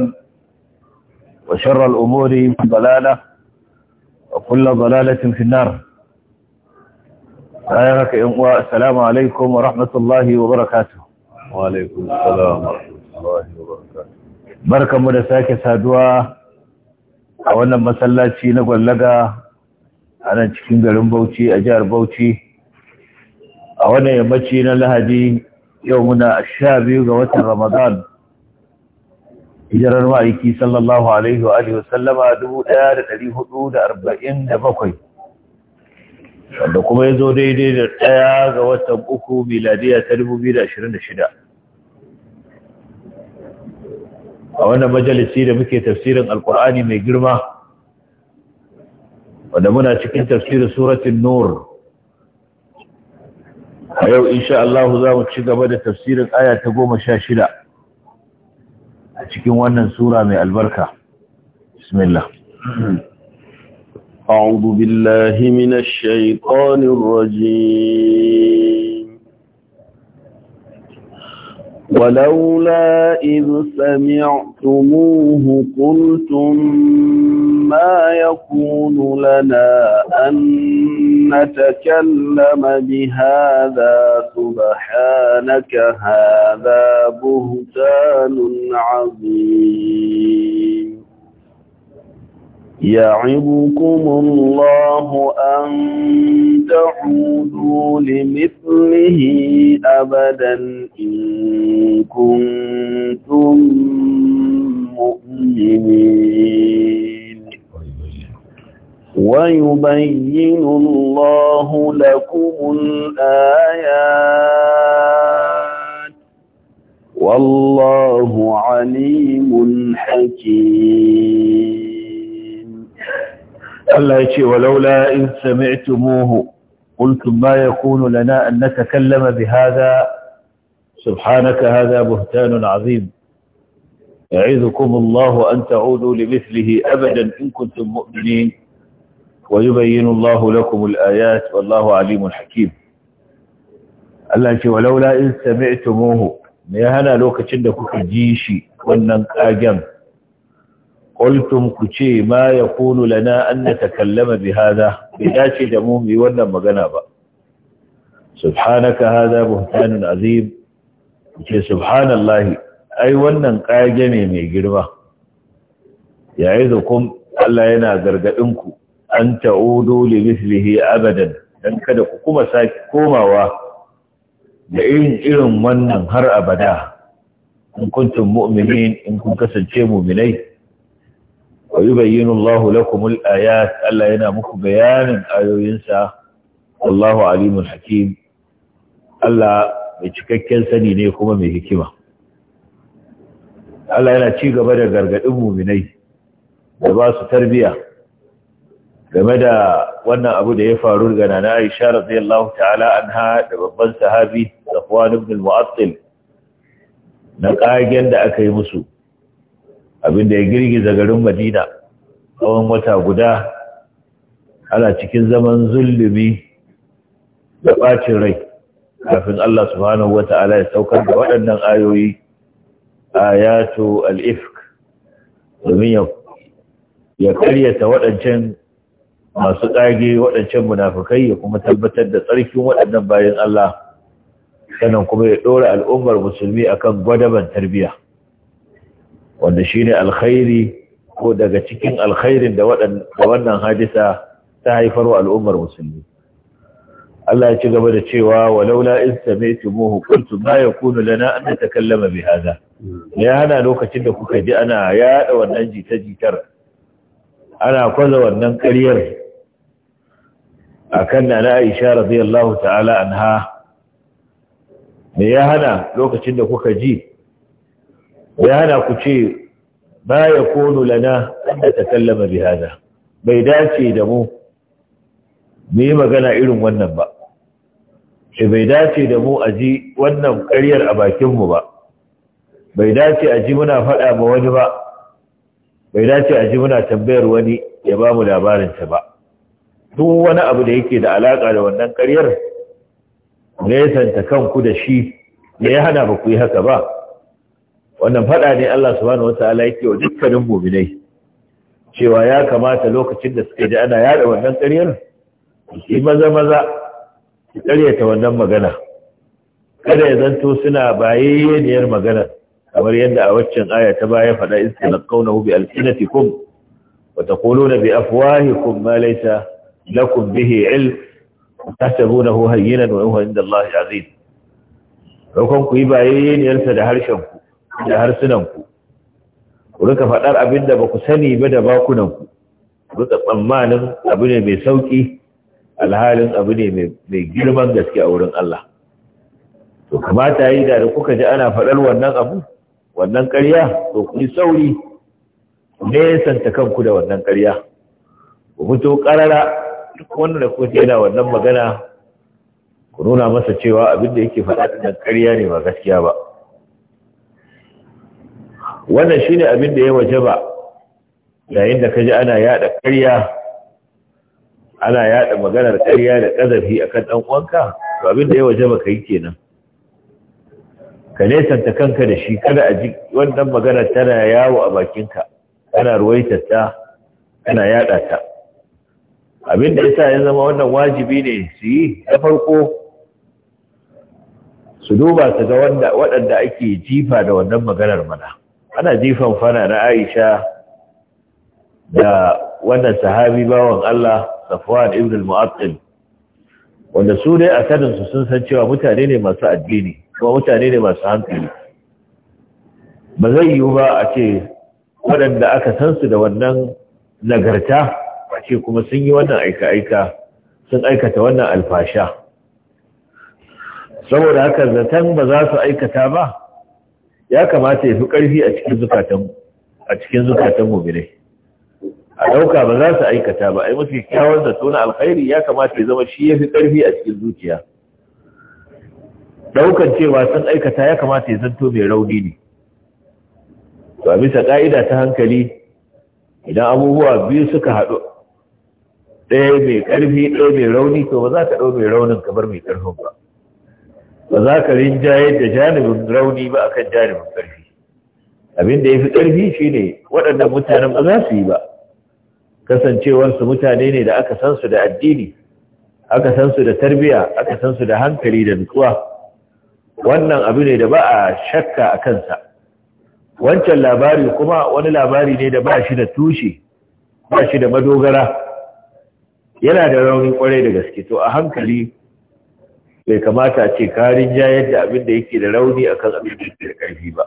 الرحيم وشر الأمور ضلالة وكل ضلالة في النار السلام عليكم ورحمة الله وبركاته وعليكم السلام ورحمة الله وبركاته بركة مدساك سادوا أولا مسلاتي نقول لك أنا cikin garin Bauchi a بوتي Bauchi a wannan yammaci na Lahadi yau muna 12 ga hijirar ma'aiki sallallahu alaihi wa arba'in da 1447 wanda kuma ya zo daidai da ɗaya ga watan uku miladiya ta 2026 a wannan majalisi da muke tafsirin alkur'ani mai girma wanda muna cikin tafsirin suratun nur a yau insha Allah za mu ci gaba da tafsirin aya ta goma sha shida cikin wannan sura mai albarka bismillah أعوذ بالله من الشيطان الرجيم ولولا إذ سمعتموه قلتم ما يكون لنا أن نتكلم بهذا سبحانك هذا بهتان عظيم يعظكم الله أن تعودوا لمثله أبدا إن كنتم مؤمنين ويبين الله لكم الآيات والله عليم حكيم الله يشي ولولا إن سمعتموه قلتم ما يكون لنا أن نتكلم بهذا سبحانك هذا بهتان عظيم يعيذكم الله أن تعودوا لمثله أبدا إن كنتم مؤمنين ويبين الله لكم الآيات Wallahu alimun حكيم Allah ce Laula in sami'tumuhu me ya hana lokacin da kuka ji shi wannan kagen qultum ku ce ma yakunu lana an natakallama bi hada bi dace da mu mi wannan magana ba subhanaka hada buhtanun azim ce subhanallahi ai wannan kage mai girma ya'idukum Allah yana gargadin ku an ta'udu li mithlihi abadan dan kada ku kuma sake komawa da irin irin wannan har abada in kuntum mu'minin in kun kasance mu'minai wa yubayyinu Allahu lakum al-ayat Allah yana muku bayanin sa Allahu alimul hakim Allah mai cikakken sani ne kuma mai hikima Allah yana ci gaba da gargadin mu'minai da ba su tarbiyya game da wannan abu da ya faru ga nana Aisha radiyallahu ta'ala anha da babban sahabi Safwan ibn al-Mu'attil na kagen da aka yi musu abinda ya girgiza garin Madina tsawon wata guda ana cikin zaman zulumi da bacin rai kafin Allah subhanahu wata'ala ya saukar da waɗannan ayoyi ayatu al-ifk domin ya karyata waɗancan masu tsage waɗancan munafukai ya kuma tabbatar da tsarkin waɗannan bayan Allah sannan kuma ya ɗora al'ummar musulmi akan gwadaban tarbiyya wanda shine alkhairi ko daga cikin alkhairin da wannan hadisa ta haifar wa al'ummar musulmi Allah ya ci gaba da cewa walaula in sami'tumuhu qultum ma yakunu lana an natakallama bi hadha ya hana lokacin da kuka ji ana yada wannan jita-jitar ana kwaza wannan ƙaryar akan na na Aisha radiyallahu ta'ala anha me ya hana lokacin da kuka ji ya hana ku ce ba ya konu lana da kallama bi hada bai dace da mu mu yi magana irin wannan ba ce bai dace da mu a ji wannan ƙaryar a bakinmu ba bai dace a ji muna faɗa ma wani ba bai dace a ji muna tambayar wani ya ba mu labarinta ba duk wani abu da yake da alaƙa da wannan ƙaryar nesanta kanku da shi ne ya hana ba ku yi haka ba wannan faɗa ne Allah subhanahu wa ta'ala yake wa dukkanin muminai cewa ya kamata lokacin da suka ji ana yada wannan ƙaryar yi maza maza su ƙaryata wannan magana kada ya zanto suna bayayyeniyar maganar kamar yadda a waccan aya ta baya faɗa istalqawnahu bi alsinatikum wa taquluna bi afwahikum ma laysa lakum bihi ilm tahsabunahu hayyinan wa huwa inda Allah azim lokon ku yi bayayyen da harshen ku da harsunan ku ku rika faɗar abin da ba ku sani ba da bakunan ku rika tsammanin abu ne mai sauƙi, alhalin abu ne mai girman gaske a wurin Allah to kamata yi da kuka ji ana faɗar wannan abu wannan ƙarya to ku sauri nesanta kanku da wannan ƙarya ku fito ƙarara duk wanda da kuka yana wannan magana ku nuna masa cewa abin da yake faɗa ɗin ƙarya ne ba gaskiya ba wannan shi ne abin da ya waje ba yayin da ka ji ana yaɗa ƙarya ana yaɗa maganar ƙarya da ƙazafi akan ɗan uwanka to abin da ya waje ba ka yi kenan ka nesanta kanka da shi kada a ji wannan magana tana yawo a bakinka kana ruwaita ta kana yada ta abin da yasa ya zama wannan wajibi ne su yi na farko su duba su ga wanda waɗanda ake jifa da wannan maganar mana ana jifan fana na Aisha da wannan sahabi bawan Allah Safwan ibn al-Mu'attal wanda su dai a sanin su sun san cewa mutane ne masu addini kuma mutane ne masu hankali ba zai yiwu ba a ce waɗanda aka san su da wannan nagarta a ce kuma sun yi wannan aika-aika sun aikata wannan alfasha saboda haka zaton ba za su aikata ba ya kamata ya fi ƙarfi a cikin zukatan a a ɗauka ba za su aikata ba ai mafi kyawar zato na alkhairi ya kamata ya zama shi ya fi ƙarfi a cikin zuciya daukan cewa sun aikata ya kamata ya zanto mai rauni ne ba bisa ka'ida ta hankali idan abubuwa biyu suka haɗu ɗaya mai ƙarfi ɗaya mai rauni to ba za ka ɗau mai raunin kamar mai ƙarfin ba ba za ka rinja yadda janibin rauni ba akan janibin ƙarfi Abinda ya fi ƙarfi shi ne waɗannan mutanen ba za su yi ba kasancewarsu mutane ne da aka san su da addini aka san su da tarbiyya, aka san su da hankali da nutsuwa wannan abu ne da ba a shakka a kansa wancan labari kuma wani labari ne da ba shi da tushe ba shi da madogara yana da raunin kwarai da gaske to a hankali bai kamata ce karin ja yadda abin da yake da rauni a kan abin da yake da ƙarfi ba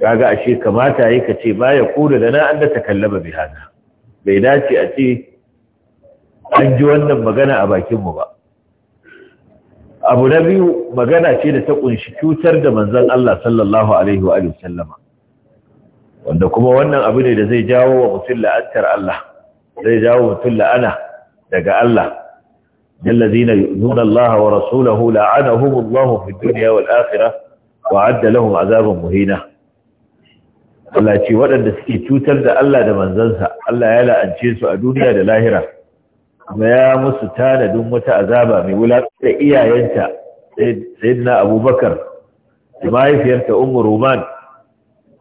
kaga ashe kamata yi ka ce ba ya kuda da na an da takallama bai hana bai dace a ce an ji wannan magana a bakinmu ba abu na biyu magana ce da ta kunshi cutar da manzon Allah sallallahu alaihi sallama wanda kuma wannan abu ne da zai jawo wa mutum la'antar Allah zai jawo mutum la'ana daga Allah الذين la'ana الله ورسوله لعنهم الله في الدنيا wa وعد لهم عذابا مهينا Allah ce waɗanda suke cutar da Allah da manzansa, Allah ya la'ance su a duniya da lahira, kuma ya musu tanadin wata azaba mai wulaƙa da iyayenta na abubakar da mahaifiyarta umar roman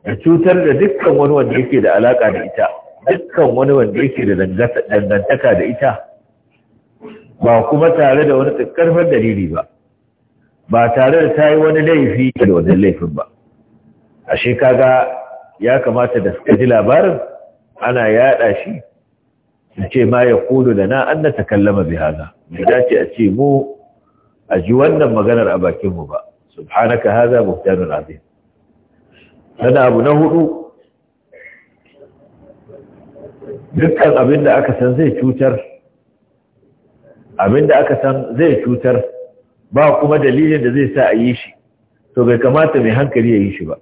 da cutar da dukkan wani wanda yake da alaƙa da ita dukkan wani wanda yake da dangantaka da ita ba kuma tare da wani tsakarfar dalili ba ba tare da ta yi wani laifi da wajen laifin ba A kaga ya kamata da suka ji labarin ana yaɗa shi ce ma ya kulu da na an na takallama bi haza bai dace a ce mu a ji wannan maganar a bakin mu ba subhanaka haza buhtanun azim sana abu na hudu dukkan abin da aka san zai cutar abin da aka san zai cutar ba kuma dalilin da zai sa a yi shi to bai kamata mai hankali ya yi shi ba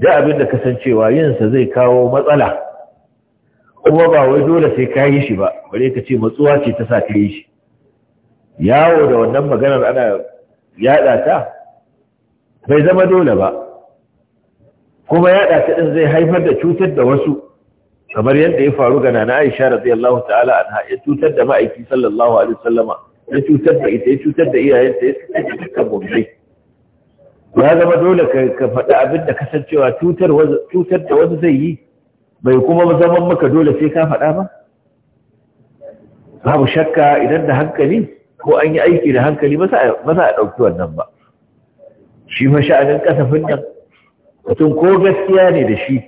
da abin da kasancewa yinsa zai kawo matsala kuma ba wai dole sai ka yi shi ba bare ka ce matsuwa ce ta sa ka yi shi yawo da wannan maganar ana yada ta bai zama dole ba kuma yada ta din zai haifar da cutar da wasu kamar yadda ya faru ga nana Aisha radiyallahu ta'ala anha ya cutar da ma'aiki sallallahu alaihi wasallama ya cutar da ita ya cutar da iyayenta ya cutar da dukkan mummi ya zama dole ka faɗi abin da kasancewa cutar da wasu zai yi bai kuma zaman maka dole sai ka faɗa ba babu shakka idan da hankali ko an yi aiki da hankali ba za a ɗauki wannan ba shi ma sha'anin kasafin nan mutum ko gaskiya ne da shi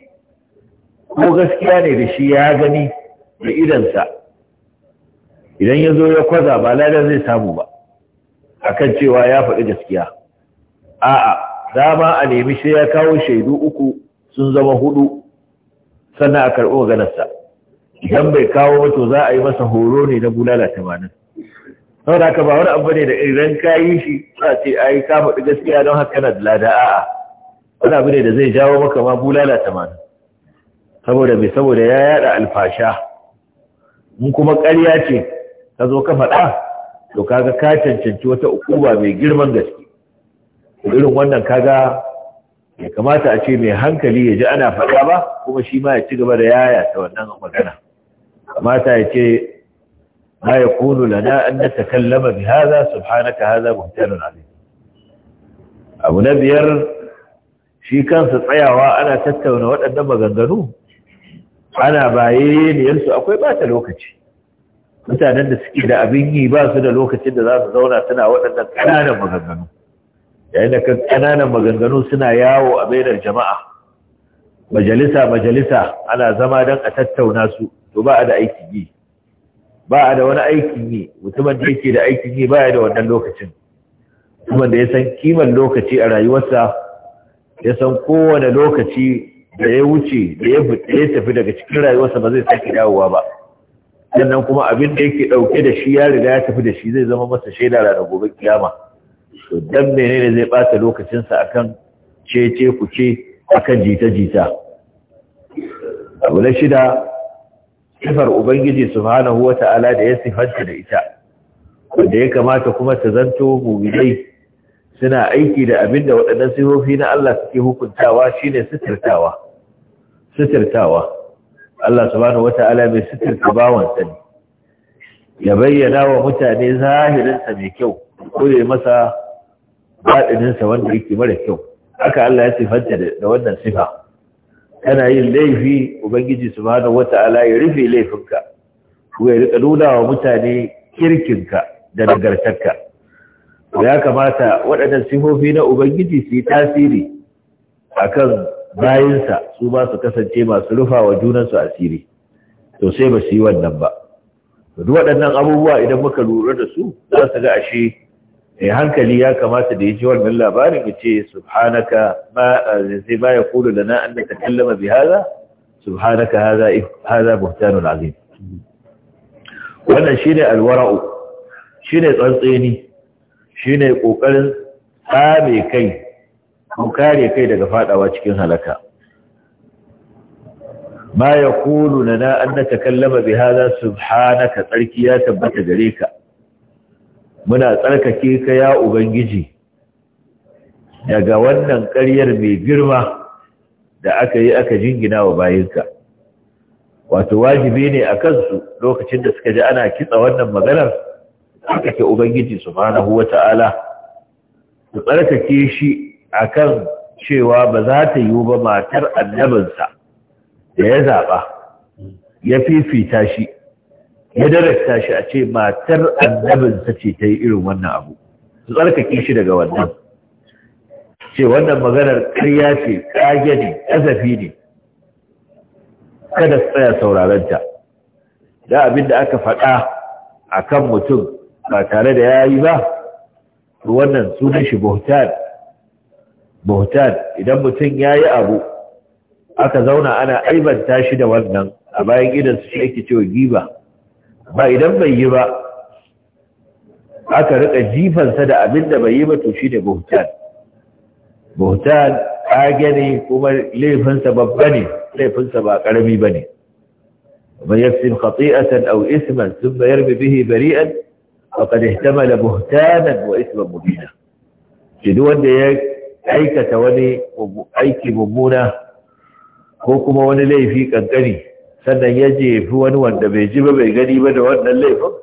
ko gaskiya ne da shi ya gani da idansa idan ya zo ya kwaza ba ladar zai samu ba akan cewa ya faɗi gaskiya a'a dama a nemi sai ya kawo shaidu uku sun zama hudu sannan a karɓi maganarsa idan bai kawo to za a yi masa horo ne na bulala tamanin sau da haka ba wani abu ne da idan ka yi shi a ce a yi kama gaskiya don haka yana da lada a'a wani abu ne da zai jawo maka ma bulala tamanin saboda bai saboda ya yada alfasha Mun kuma ƙarya ce ka zo ka faɗa to kaga ka cancanci wata ukuba mai girman gaske irin wannan kaga ya kamata a ce mai hankali ya ji ana faɗa ba kuma shi ma ya ci gaba da yaya ta wannan magana kamata ya ce ma ya kunu lana an na takallama bi haza subhanaka haza muhtarun azim abu na biyar shi kansa tsayawa ana tattauna waɗannan maganganu ana baye niyarsu akwai ba ta lokaci mutanen da suke da abin yi ba su da lokacin da za su zauna suna waɗannan ƙananan maganganu yayin da kananan maganganu suna yawo a bainar jama'a majalisa majalisa ana zama don a tattauna su to ba a da aikin yi ba a da wani aikin yi mutumin da yake da aikin yi ba ya da wannan lokacin mutumin da ya san kiman lokaci a rayuwarsa ya san kowane lokaci da ya wuce da ya tafi daga cikin rayuwarsa ba zai sake dawowa ba sannan kuma abin da yake dauke da shi ya riga ya tafi da shi zai zama masa shaida ranar gobe kiyama to dan menene zai bata lokacinsa akan cece kuce akan jita-jita abu shida sifar ubangiji subhanahu wata'ala da ya sifanta da ita wanda ya kamata kuma ta zanto Gidai suna aiki da abinda waɗannan sifofi na Allah suke hukuntawa shine sitirtawa sitirtawa Allah subhanahu wata'ala mai sitirta bawansa ne ya bayyana wa mutane zahirinsa mai kyau ko masa sa wanda yake mara kyau haka Allah ya sifanta da wannan sifa kana yin laifi ubangiji subhanahu wata'ala ya rufe laifinka ko ya rika nuna wa mutane kirkinka da nagartarka ya kamata waɗannan sifofi na ubangiji su yi tasiri akan bayinsa su ba su kasance masu rufa wa junansu asiri to sai ba su yi wannan ba duk waɗannan abubuwa idan muka lura da su za su ga ashe mai eh, hankali ya kamata da ya ji wannan labarin ya ce subhanaka ma eh, zai ba ya kulu da na annaka kallama bi haza subhanaka haza haza buhtanu azim wannan shine alwara'u shine tsantseni shine kokarin tsame kai ko kare kai daga fadawa cikin halaka ma ya kulu da na annaka kallama bi haza subhanaka tsarki ya tabbata gare ka muna tsarkake ka ya ubangiji daga wannan ƙaryar mai girma da aka yi aka jingina wa bayinka wato wajibi ne a kansu lokacin da suka ji ana kitsa wannan maganar aka ke ubangiji su huwa ta'ala su tsarkake shi a kan cewa ba za ta yiwu ba matar annabinsa da ya zaɓa ya fifita shi ya darasta shi a ce matar annabinsa ce ta yi irin wannan abu su tsarkake shi daga wannan ce wannan maganar karya ce kage ne ƙazafi ne kada tsaya saurarenta da abin da aka faɗa a kan mutum ba tare da ya yi ba wannan sunan shi bautan bautan idan mutum ya yi abu aka zauna ana aibanta shi da wannan a bayan su shi ake cewa giba ba idan bai yi ba aka rika jifansa da abin da bai yi ba to shi da buhutan buhutan kage ne kuma laifinsa babba ne laifinsa ba karami ba ne man yaksim khati'atan aw isman thumma yarmi bihi bari'an faqad ihtamala buhtanan wa isman mubina shi duk wanda ya aikata wani aiki mummuna ko kuma wani laifi kankani sannan ya jefi wani wanda bai ji ba bai gani ba da wannan laifin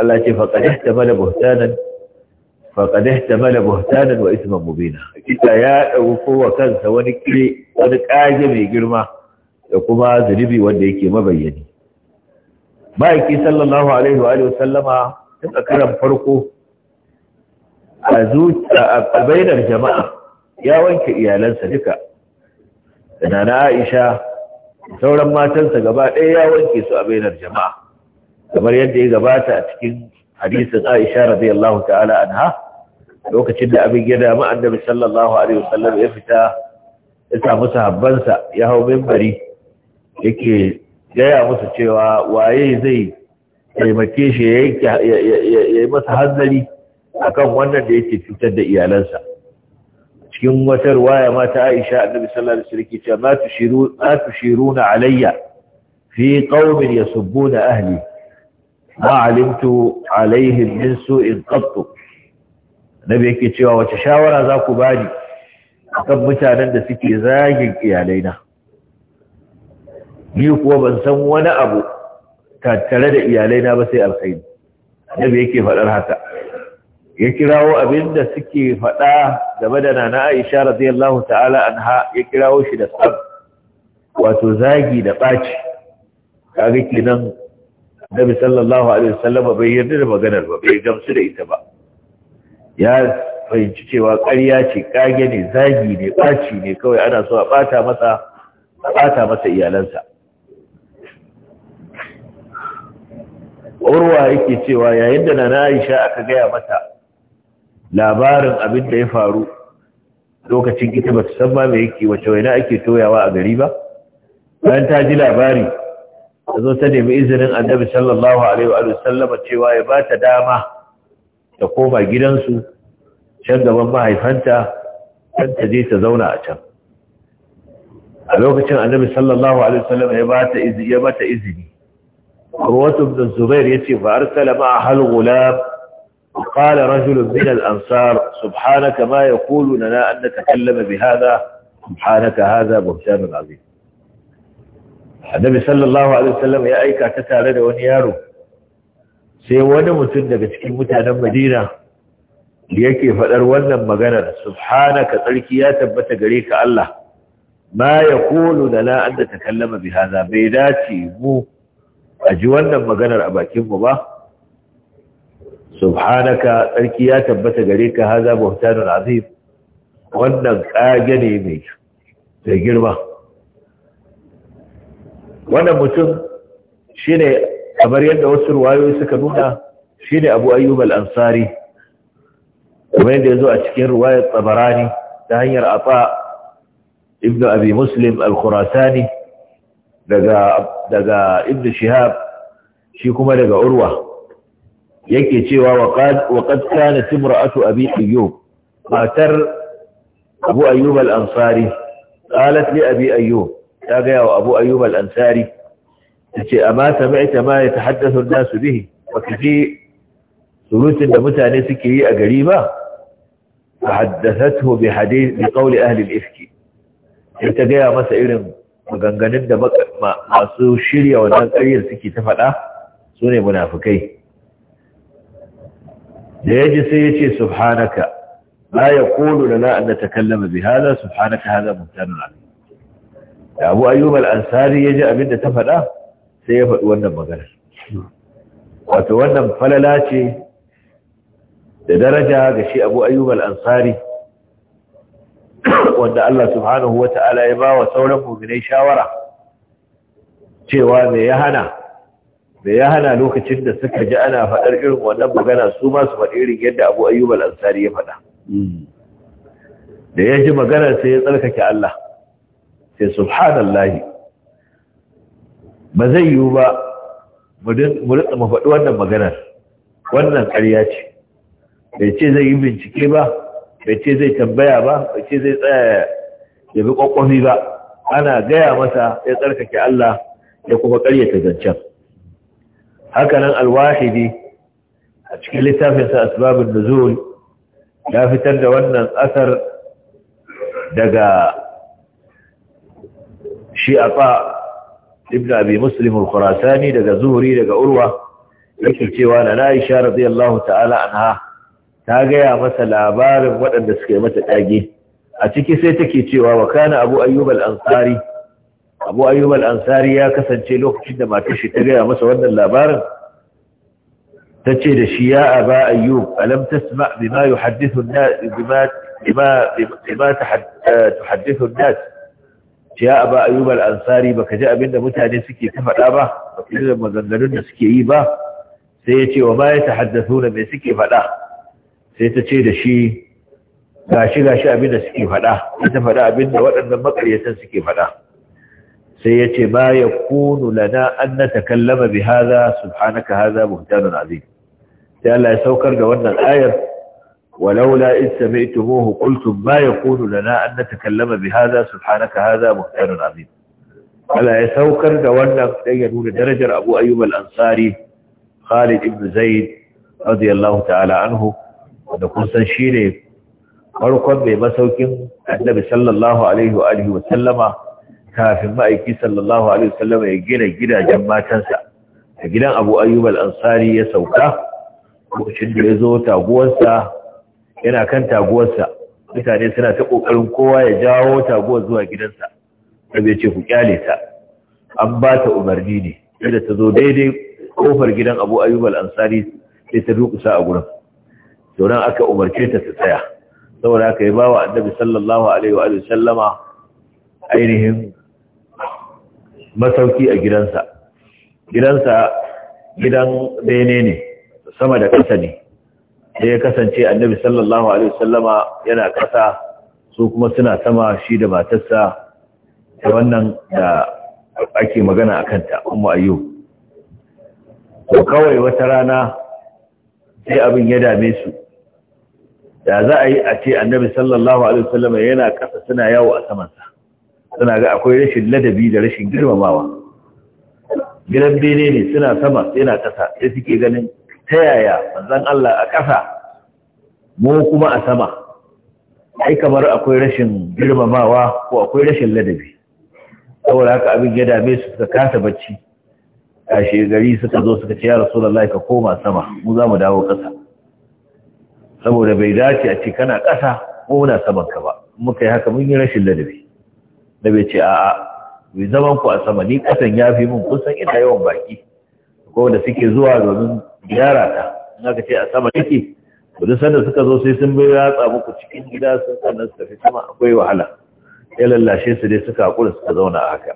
Allah ce faƙadeh ta mana buhtanan faƙadeh ta mana buhtanan wa isman mubina kita ya ɗauko kowa kansa wani kire wani ƙage mai girma da kuma zunubi wanda yake mabayyani ma'aiki sallallahu alaihi wa sallama tun a karan farko a bainar jama'a ya wanke iyalansa duka da nana Aisha sauran matansa gaba ɗaya ya wanke su a bainar jama'a kamar yadda ya gabata a cikin hadisin Aisha radiyallahu ta'ala anha lokacin da abin ya damu annabi sallallahu alaihi wasallam ya fita ya samu sahabbansa ya hau mimbari yake gaya musu cewa waye zai taimake shi ya yi masa hanzari akan wannan da yake cutar da iyalansa cikin wata ruwaya mata Aisha annabi sallallahu alaihi wasallam yake cewa ma tushiru ma tushiruna alayya fi qaumin yasubbuna ahli ma alimtu alaihim min su'in qattu nabi yake cewa wace shawara za ku bani akan mutanen da suke zagin iyalaina ni kuwa ban san wani abu tattare da iyalaina ba sai alkhairi annabi yake faɗar haka ya kirawo abin da suke faɗa game da nana Aisha radiyallahu ta'ala anha ya kirawo shi da tsab wato zagi da ɓaci kaga kenan Nabi sallallahu alaihi wasallam bai yarda da maganar ba bai gamsu da ita ba ya fahimci cewa ƙarya ce kage ne zagi ne ɓaci ne kawai ana so a ɓata masa a ɓata masa iyalansa Urwa yake cewa yayin da nana Aisha aka gaya mata labarin abin da ya faru lokacin ita ba san ma me yake wace waina ake toyawa a gari ba bayan ta ji labari ta zo ta nemi izinin annabi sallallahu alaihi wa sallama cewa ya ba ta dama ta koma gidansu can gaban mahaifanta can ta je ta zauna a can a lokacin annabi sallallahu alaihi wa sallama ya ba ta izini ya ta izini Urwatu ibn Zubair yace fa arsala ma hal gulab وقال رجل من الأنصار سبحانك ما يقول لنا أن نتكلم بهذا سبحانك هذا بهتان عظيم النبي صلى الله عليه وسلم يا أيكا تتعلن ونياره سيوان متندك تكلم متعنا مدينة ليكي فالأروانا مغانا سبحانك تلكياتا بتقريك الله ما يقول لنا أن نتكلم بهذا بيداتي مو أجوانا مغانا أباكم وباه subhanaka tsarki ya tabbata gare ka haza buhtanun azim wannan kage ne mai da girma wannan mutum shine kamar yadda wasu ruwayoyi suka nuna shine Abu Ayyub al-Ansari kuma yadda yazo a cikin ruwayar Tabarani ta hanyar afa ibn Abi Muslim al-Khurasani daga daga Ibn Shihab shi kuma daga Urwa yake cewa wa qad kana timra'atu abi ayyub matar abu ayyub ansari li abi ayyo ta gaya wa abu ayyub al-ansari tace amma sami'ta ma ta haddasa nasu bihi wa kaji surutun da mutane suke yi a gari ba haddathathu bi hadith bi qawli ahli al-ifk ta gaya masa irin maganganun da masu shirya wannan ƙaryar suke ta faɗa sune munafukai? da ya ji sai ya ce subhanaka la yaqulu lana an kallama bi hadha subhanaka haza mumtanun alayhi da Abu Ayyub al-Ansari yaji abinda ta faɗa sai ya faɗi wannan maganar. wato wannan falala ce da daraja ga shi Abu Ayyub ansari wanda Allah subhanahu wata'ala ya ba wa sauran mu'minai shawara cewa mai ya hana da ya hana lokacin da suka ji ana faɗar irin wannan magana su ma su faɗi irin yadda abu ayyub ansari ya faɗa da ya ji maganar sai ya tsarkake Allah sai subhanallahi ba zai yiwu ba mu rika mu faɗi wannan maganar wannan ƙarya ce bai ce zai yi bincike ba bai ce zai tambaya ba bai ce zai tsaya ya bi ƙwaƙwafi ba ana gaya masa ya tsarkake Allah ya kuma ƙaryata zancen Hakanan nan alwahidi a cikin littafinsa asbabun nuzul ya fitar da wannan asar daga shi aqa ibn abi muslim al-khurasani daga zuhri daga urwa yake cewa na aisha radiyallahu ta'ala anha ta gaya masa labarin waɗanda suka yi mata dage a ciki sai take cewa wa kana abu ayyub al-ansari abu ayyub ansari ya kasance lokacin da matar shi ta gaya masa wannan labarin ta ce da shi ya aba ayyub alamtas ma bima yuhaddithu bima bima bima tuhaddithu an-nas ya aba ayyub al-ansari baka ji abinda mutane suke ta faɗa ba ba baka ji maganganun da suke yi ba sai ya ce wa ma ya tahaddathuna me suke faɗa sai ta ce da shi gashi gashi abinda suke faɗa ita faɗa abinda waɗannan makaryatan suke faɗa sai ya ce ba ya kunu lana an na takallama bi haza subhanaka haza buhtanun azim sai Allah ya saukar da wannan ayar walaula in sami'tumuhu qultum ma yakunu lana an natakallama bi hadha subhanaka hadha muhtarun azim Allah ya saukar da wannan dan ya nuna darajar Abu Ayyub al-Ansari Khalid ibn Zaid radiyallahu ta'ala anhu da kun san shine farkon mai masaukin Annabi sallallahu alaihi wa alihi wa sallama kafin ma'aiki sallallahu alaihi wasallam ya gina gidajen matansa a gidan abu ayyub al-ansari ya sauka Shin da ya zo taguwarsa yana kan taguwarsa mutane suna ta kokarin kowa ya jawo taguwar zuwa gidansa sai ya ce ku kyale ta an ba ta umarni ne yadda ta zo daidai kofar gidan abu ayyub al-ansari sai ta rukusa a gurin sauran aka umarce ta ta tsaya saboda aka yi bawa annabi sallallahu alaihi wa sallama ainihin masauki a gidansa gidansa gidan bene ne sama da ƙasa ne da ya kasance annabi sallallahu alaihi wasallama yana ƙasa su kuma suna sama shi da matarsa da wannan da ake magana a kanta umu ayyub to kawai wata rana sai abin ya dame su da za a yi a ce annabi sallallahu alaihi wasallama yana ƙasa suna yawo a samansa suna ga akwai rashin ladabi da rashin girmamawa gidan bene ne suna sama yana ƙasa sai suke ganin ta yaya manzan Allah a ƙasa mu kuma a sama ai kamar akwai rashin girmamawa ko akwai rashin ladabi saboda haka abin ya dame su suka kasa bacci kashe shegari suka zo suka ce ya rasulullahi ka koma sama mu za mu dawo ƙasa saboda bai dace a ce kana ƙasa ko muna saman ka ba muka yi haka mun yi rashin ladabi Na bai ce a'a bai zaman ku a sama ni kasan ya fi mun kusan ina yawan baki ko da suke zuwa domin gyara ta in aka ce a sama nake ku duk sanda suka zo sai sun bai ratsa muku cikin gida sun sanar suka fi sama akwai wahala ya lallashe su dai suka hakura suka zauna a haka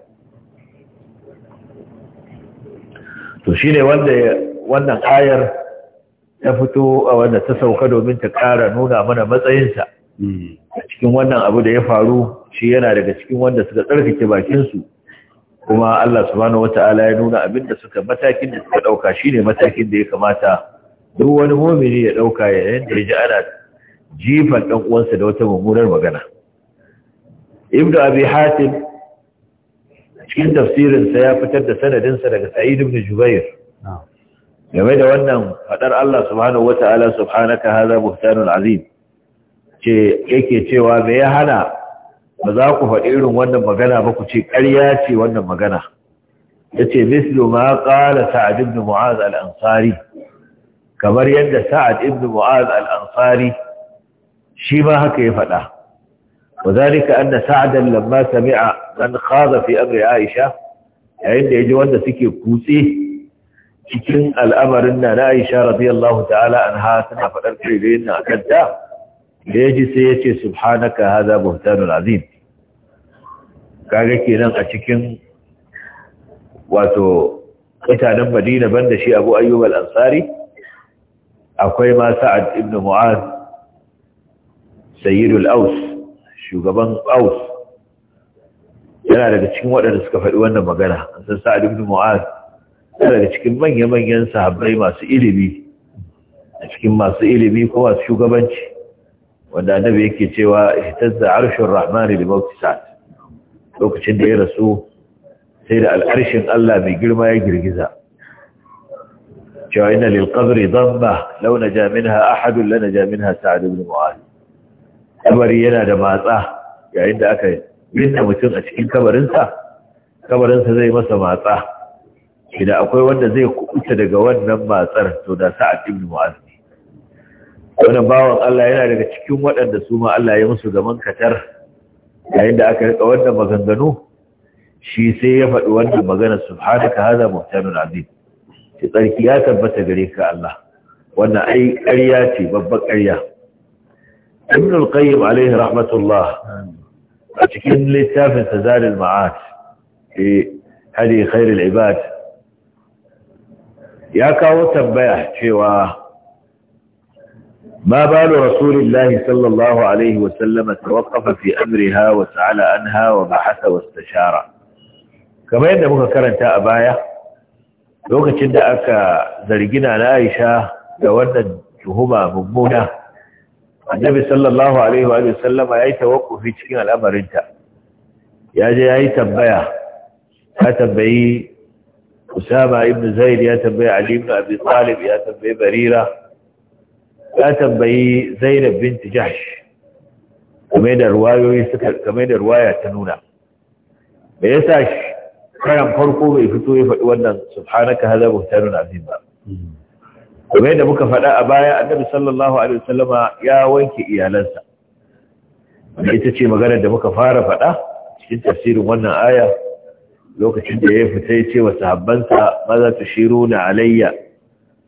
to shine wanda wannan ayar ya fito a wanda ta sauka domin ta ƙara nuna mana matsayinsa hmm. a cikin wannan abu da ya faru shi yana daga cikin wanda suka tsarkake bakinsu kuma Allah subhanahu wata'ala ya nuna abin da suka matakin da suka ɗauka shine matakin da ya kamata duk wani mumini ya ɗauka yayin da ya ji ana jifan ɗan uwansa da wata mummunar magana ibnu abi hatim cikin sa ya fitar da sanadin sa daga sa'id ibn jubair game da wannan fadar Allah subhanahu wata'ala subhanaka hadha buhtanun azim ce yake cewa me ya hana ba za ku faɗi irin wannan magana ba ku ce ƙarya ce wannan magana ya ce mislu ma ƙala sa'ad ibn mu'az al'ansari kamar yadda sa'ad ibn mu'az ansari shi ma haka ya faɗa wa zalika anna sa'adan lamma sami'a man khaza fi amri aisha yayin da ya ji wanda suke kutse cikin al'amarin na na aisha radiyallahu ta'ala anha suna faɗar kai da yin akanta da ya ji sai ya ce subhanaka haza buhtanul azim kaga kenan a cikin wato mutanen Madina banda shi Abu Ayyub al-Ansari akwai ma Sa'ad ibn Mu'az Sayyidul Aus shugaban Aus yana daga cikin waɗanda suka faɗi wannan magana san Sa'ad ibn Mu'az yana daga cikin manya-manyan sahabbai masu ilimi a cikin masu ilimi ko masu shugabanci wanda annabi yake cewa ihtazza arshur rahmani bi mawti lokacin da ya rasu sai da al'arshin Allah mai girma ya girgiza cewa inna lil qabri damma law naja minha ahad lanaja minha sa'd ibn mu'adh kabari yana da matsa yayin da aka rinta mutum a cikin kabarinsa kabarinsa zai masa matsa idan akwai wanda zai kubuta daga wannan matsar to da sa'ad ibn mu'adh wani bawan Allah yana daga cikin waɗanda su ma Allah ya musu gaban katar yayin da aka rika wannan maganganu shi sai ya faɗi wannan magana subhanaka haza muhtanun azim ki tsarki ya tabbata gare ka Allah wannan ai ƙarya ce babbar ƙarya ibn al-qayyim alayhi rahmatullah a cikin littafin tazaril ma'at eh hadi khairul ibad ya kawo tambaya cewa ما بال رسول الله صلى الله عليه وسلم توقف في أمرها وسأل عنها وبحث واستشار كما يدى مكرنتا أبايا lokacin da aka zargina na Aisha ga wannan tuhuma mummuna Annabi sallallahu alaihi wa sallama yayi tawakkufi cikin al'amarinta yaje yayi tambaya ka tambayi Usama ibn Zaid ya tambayi Ali ibn ya tambayi Barira ya tambayi zainab binti jahsh game da ruwayoyi suka da ruwaya ta nuna me yasa karan farko bai fito ya faɗi wannan subhanaka hadha buhtanun azim ba game da muka faɗa a baya annabi sallallahu alaihi wasallama ya wanke iyalansa wanda ita ce maganar da muka fara faɗa cikin tafsirin wannan aya lokacin da ya fita ya ce wa sahabbansa maza tushiruna alayya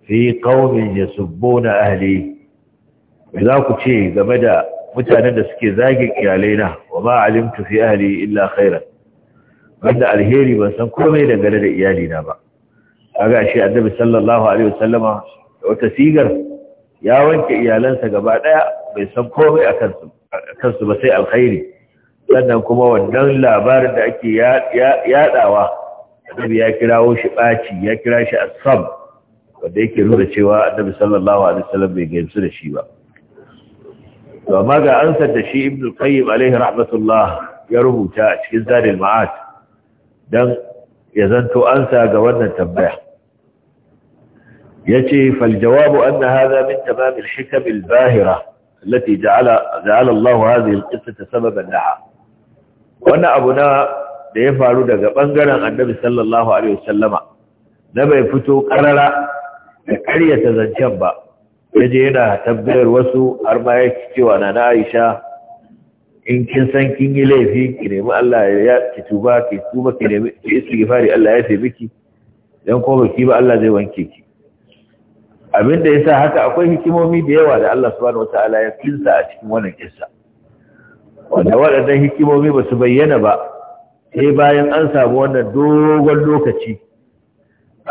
fi qaumin yasubbuna ahli za ku ce game da mutanen da suke zagin iyalai na wa ba alimtu fi ahli illa khairan wanda alheri ban san komai dangane da iyali na ba ga shi annabi sallallahu alaihi wasallama da wata sigar ya wanke iyalansa gaba daya bai san komai akan su su ba sai alkhairi sannan kuma wannan labarin da ake yadawa annabi ya kirawo shi baci ya kira shi asab wanda yake nuna cewa annabi sallallahu alaihi wasallam bai gaisu da shi ba to amma ga ansar da shi ibn qayyim alaihi rahmatullah ya rubuta a cikin zadil ma'ad dan ya zanto ansa ga wannan tambaya Ya ce jawabu anna hadha min tamam al hikam al bahira allati ja'ala ja'ala Allah hadhihi al qissata sababan laha wannan abu na da ya faru daga ɓangaren annabi sallallahu alaihi wasallama na bai fito karara da karyata zancen ba ya je yana tabbayar wasu har ma ya cewa na na aisha in kin san kin yi laifi ki nemi Allah ya ki tuba ki tuba ki nemi ki istighfari Allah ya fi miki dan ko baki ba Allah zai wanke ki abin da yasa haka akwai hikimomi da yawa da Allah subhanahu wataala ya kinsa a cikin wannan kissa wanda waɗannan hikimomi ba su bayyana ba sai bayan an samu wannan dogon lokaci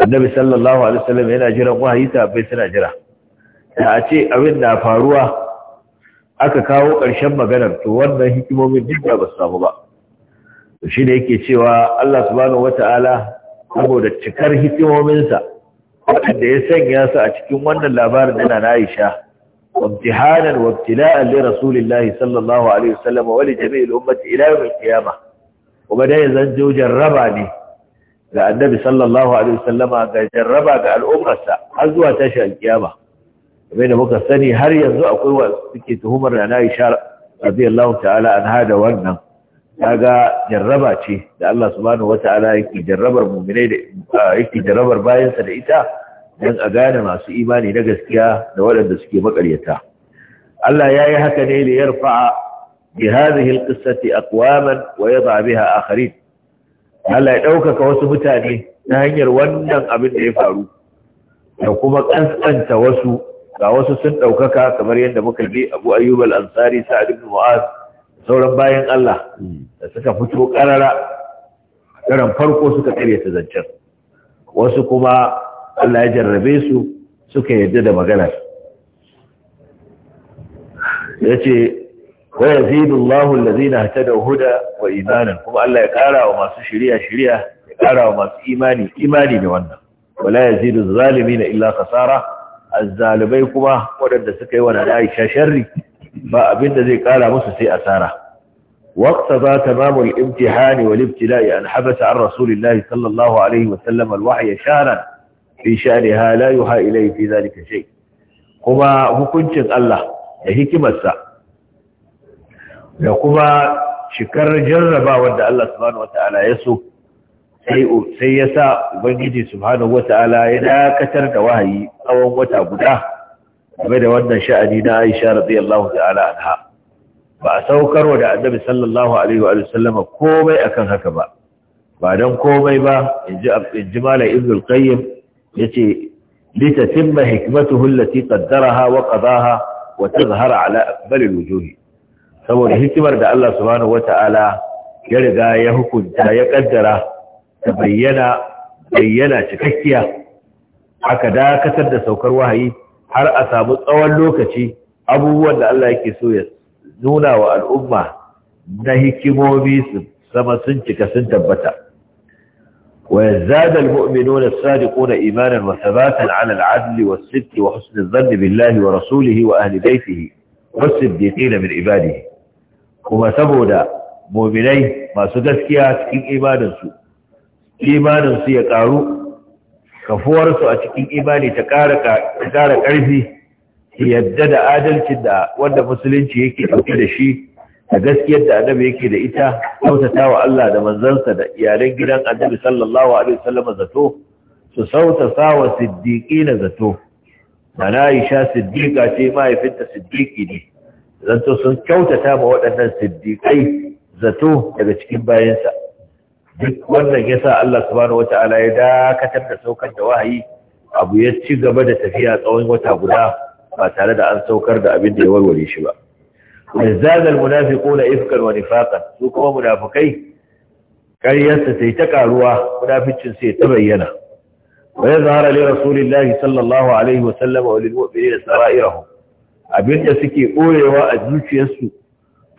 annabi sallallahu alaihi wasallam yana jiran wahayi bai suna jira da a ce abin na faruwa aka kawo ƙarshen maganar to wannan hikimomin duk ba su samu ba shi ne yake cewa Allah subhanahu wata'ala saboda cikar hikimominsa waɗanda ya sanya su a cikin wannan labarin yana na Aisha wabtihanan wabtila'an li rasulillahi sallallahu alaihi wasallam wa li jami'il ummati ila yawmil qiyamah kuma dai zan jo jarraba ne ga annabi sallallahu alaihi wasallama ga jarraba ga al'ummarsa har zuwa tashi alkiyama game da muka sani har yanzu akwai wa suke tuhumar da na ishar radiyallahu ta'ala an hada wannan kaga jarraba ce da Allah subhanahu wata'ala yake jarrabar mu'minai da yake jarrabar bayansa da ita dan a gane masu imani na gaskiya da waɗanda suke makaryata Allah yayi haka ne da yarfa bi hadhihi alqissati aqwaman wa yad'a biha akharin Allah ya ɗaukaka wasu mutane ta hanyar wannan abin da ya faru da kuma ƙasƙanta wasu ga wasu sun ɗaukaka kamar yadda muka ji abu ayyub al’ansari sa’ad ibn mu’az sauran bayan Allah da suka fito ƙarara ƙaran farko suka ƙarya ta zancen wasu kuma Allah ya jarrabe su suka yadda da maganar ya ce wa ya zidu Allah lalazina ta da huda kuma Allah ya ƙara wa masu shirya shirya ya ƙara wa masu imani imani ne wannan Bala ya zidu zalimi na illa kasara azzalibai kuma waɗanda suka yi wa nana Aisha sharri ba abin da zai kara musu sai asara waqta za tamamul imtihani wal ibtila'i an habasa an rasulillahi sallallahu alaihi wa sallam al wahya shahran ha sha'niha la yuha fi zalika kuma hukuncin Allah da hikimarsa da kuma shikar jarrabawar da Allah subhanahu wata'ala ya so sai ya sa ubangiji subhanahu wata'ala ya dakatar da wahayi tsawon wata guda game da wannan sha'ani na aisha radiyallahu ta'ala anha ba a saukarwa da annabi sallallahu alaihi wa sallama komai akan haka ba ba don komai ba in ji malam ibn al-qayyim yace litatimma hikmatuhu allati qaddaraha wa qadaha wa tazhara ala al-wujuh saboda hikimar da Allah subhanahu wata'ala ya riga ya hukunta ya kaddara ta bayyana bayyana cikakkiya aka dakatar da saukar wahayi har a samu tsawon lokaci abubuwan da Allah yake so ya nuna wa al'umma na hikimomi su sama sun cika sun tabbata wa yazada muminu as-sadiquna imanan wa thabatan 'ala al-'adli was-sidqi wa husn adh billahi wa rasulihi wa ahli baytihi was-siddiqina min ibadihi kuma saboda mu'minai masu gaskiya cikin imaninsu imaninsu ya ƙaru kafuwarsu a cikin imani ta ƙara ƙarfi yadda da adalcin da wanda musulunci yake ɗauke da shi a gaskiyar da annabi yake da ita sautata wa Allah da manzansa da iyalan gidan annabi sallallahu alaihi wasallam zato su sautata wa siddiqi na zato mana Aisha siddiqa ce mahaifinta siddiqi ne zato sun kyautata ma waɗannan siddiqai zato daga cikin bayansa duk wannan ya sa Allah subhanahu wata'ala ya dakatar da saukar da wahayi abu ya ci gaba da tafiya tsawon wata guda ba tare da an saukar da abin da ya warware shi ba izzagal munafiquna ifkan wa nifaqan su kuma munafikai Karyarsa sai ta karuwa munaficin sai ta bayyana wa yazhara li rasulillahi sallallahu alaihi wa sallam wa lil mu'minina sarairahum abin da suke koyewa a zuciyarsu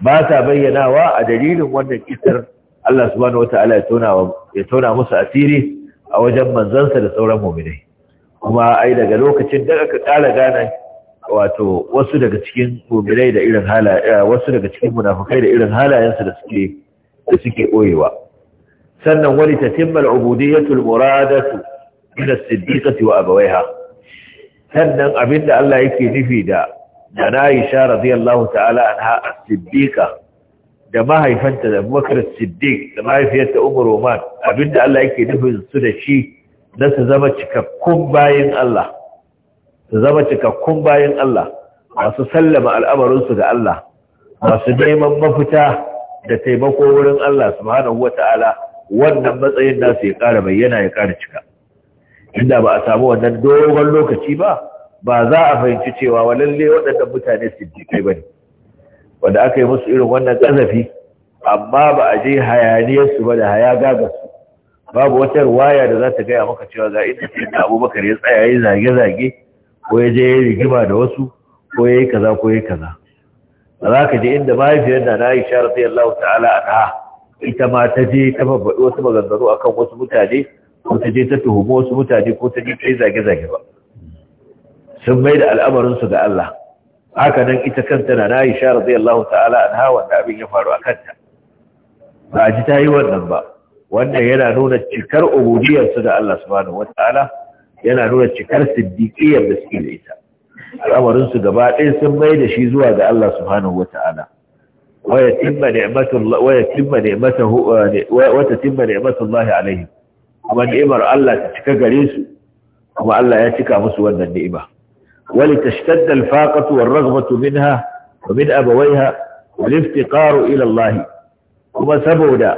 ba ta bayyanawa a dalilin wannan kisar Allah subhanahu wataala ya tona ya tona musu asiri a wajen manzansa da sauran mu'minai kuma ai daga lokacin da aka kala gane wato wasu daga cikin mu'minai da irin halaye eh, wasu daga cikin munafikai da irin halayensu da suke da suke koyewa sannan wani tatimmal ubudiyatul muradatu min as-siddiqati wa abawaiha sannan abinda Allah yake nufi da da Aisha radiyallahu ta'ala anha as da mahaifanta da bukar Siddiq da mahaifiyarta Umar Roman abinda Allah yake nufin su da shi na su zama cikakkun bayan Allah su zama cikakkun bayan Allah masu sallama al'amarinsu ga Allah masu neman mafita da taimako wurin Allah subhanahu wata'ala wannan matsayin nasu ya ƙara bayyana ya kara cika inda ba a samu wannan dogon lokaci ba ba za a fahimci cewa walalle waɗannan mutane siddiƙai ba ne wanda aka yi musu irin wannan ƙazafi amma ba a je hayaniyarsu ba da haya su babu wata waya da za ta gaya maka cewa ga inda ce da abubakar ya tsaya ya zage-zage ko ya je ya rigima da wasu ko ya yi kaza ko ya yi kaza ba za ka je inda mahaifiyar da na yi shara sai Allah ta'ala a ta ita ma ta je ta babbaɗi wasu maganganu kan wasu mutane ko ta je ta tuhumi wasu mutane ko ta je ta yi zage-zage ba sun mai da al'amarinsu ga Allah haka nan ita kanta na na isha radiyallahu ta'ala hawa da abin ya faru a kanta ba a ji ta yi wannan ba wannan yana nuna cikar ubudiyarsu da Allah subhanahu yana nuna cikar siddiqiyar da suke da ita alamarinsu gaba ɗaya sun mai da shi zuwa ga Allah subhanahu wata'ala waya timma ni'matullahi kuma ni'imar Allah ta cika gare su kuma Allah ya cika musu wannan ni'ima ولتشتد الفاقة والرغبة منها ومن أبويها والافتقار إلى الله kuma saboda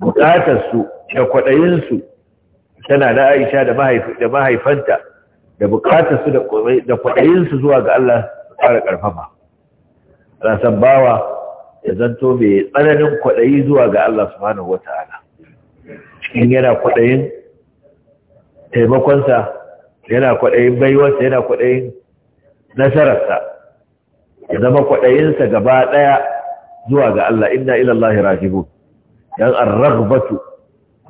bukatarsu da kwaɗayinsu tana da aisha da mahaifanta da bukatarsu da kwaɗayinsu zuwa ga Allah su ƙara ƙarfafa rasan bawa ya zanto mai tsananin kwaɗayi zuwa ga Allah subhanahu cikin yana kwaɗayin taimakonsa yana kwaɗayin baiwarsa yana kwaɗayin nasararsa ya zama kwaɗayinsa gaba ɗaya zuwa ga Allah inna ilallahi rajibu dan ar-raghbatu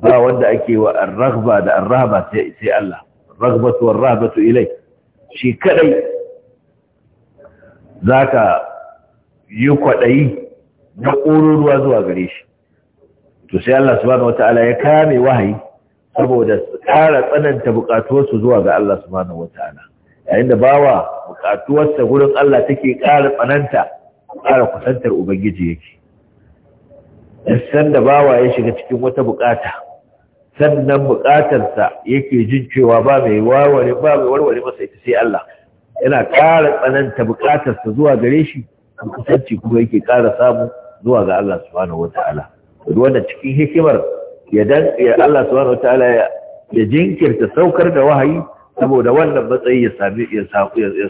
ba wanda ake wa ar-raghba da ar-rahba sai Allah raghbatu war-rahbatu ilai shi kadai zaka yi kwaɗayi na zuwa gare shi to sai Allah subhanahu wataala ya kame wahayi saboda su ƙara tsananta buƙatuwarsu zuwa ga Allah subhanahu wataala yayin da bawa buƙatuwarsa gurin Allah take ƙara tsananta ƙara kusantar ubangiji yake san da bawa ya shiga cikin wata buƙata sannan buƙatarsa yake jin cewa ba mai warware ba mai warware masa ita sai Allah yana ƙara tsananta buƙatarsa zuwa gare shi kusanci kuma yake ƙara samu zuwa ga Allah subhanahu wataala wannan cikin hikimar ya dan ya Allah subhanahu ya jinkirta saukar da wahayi saboda wannan matsayi ya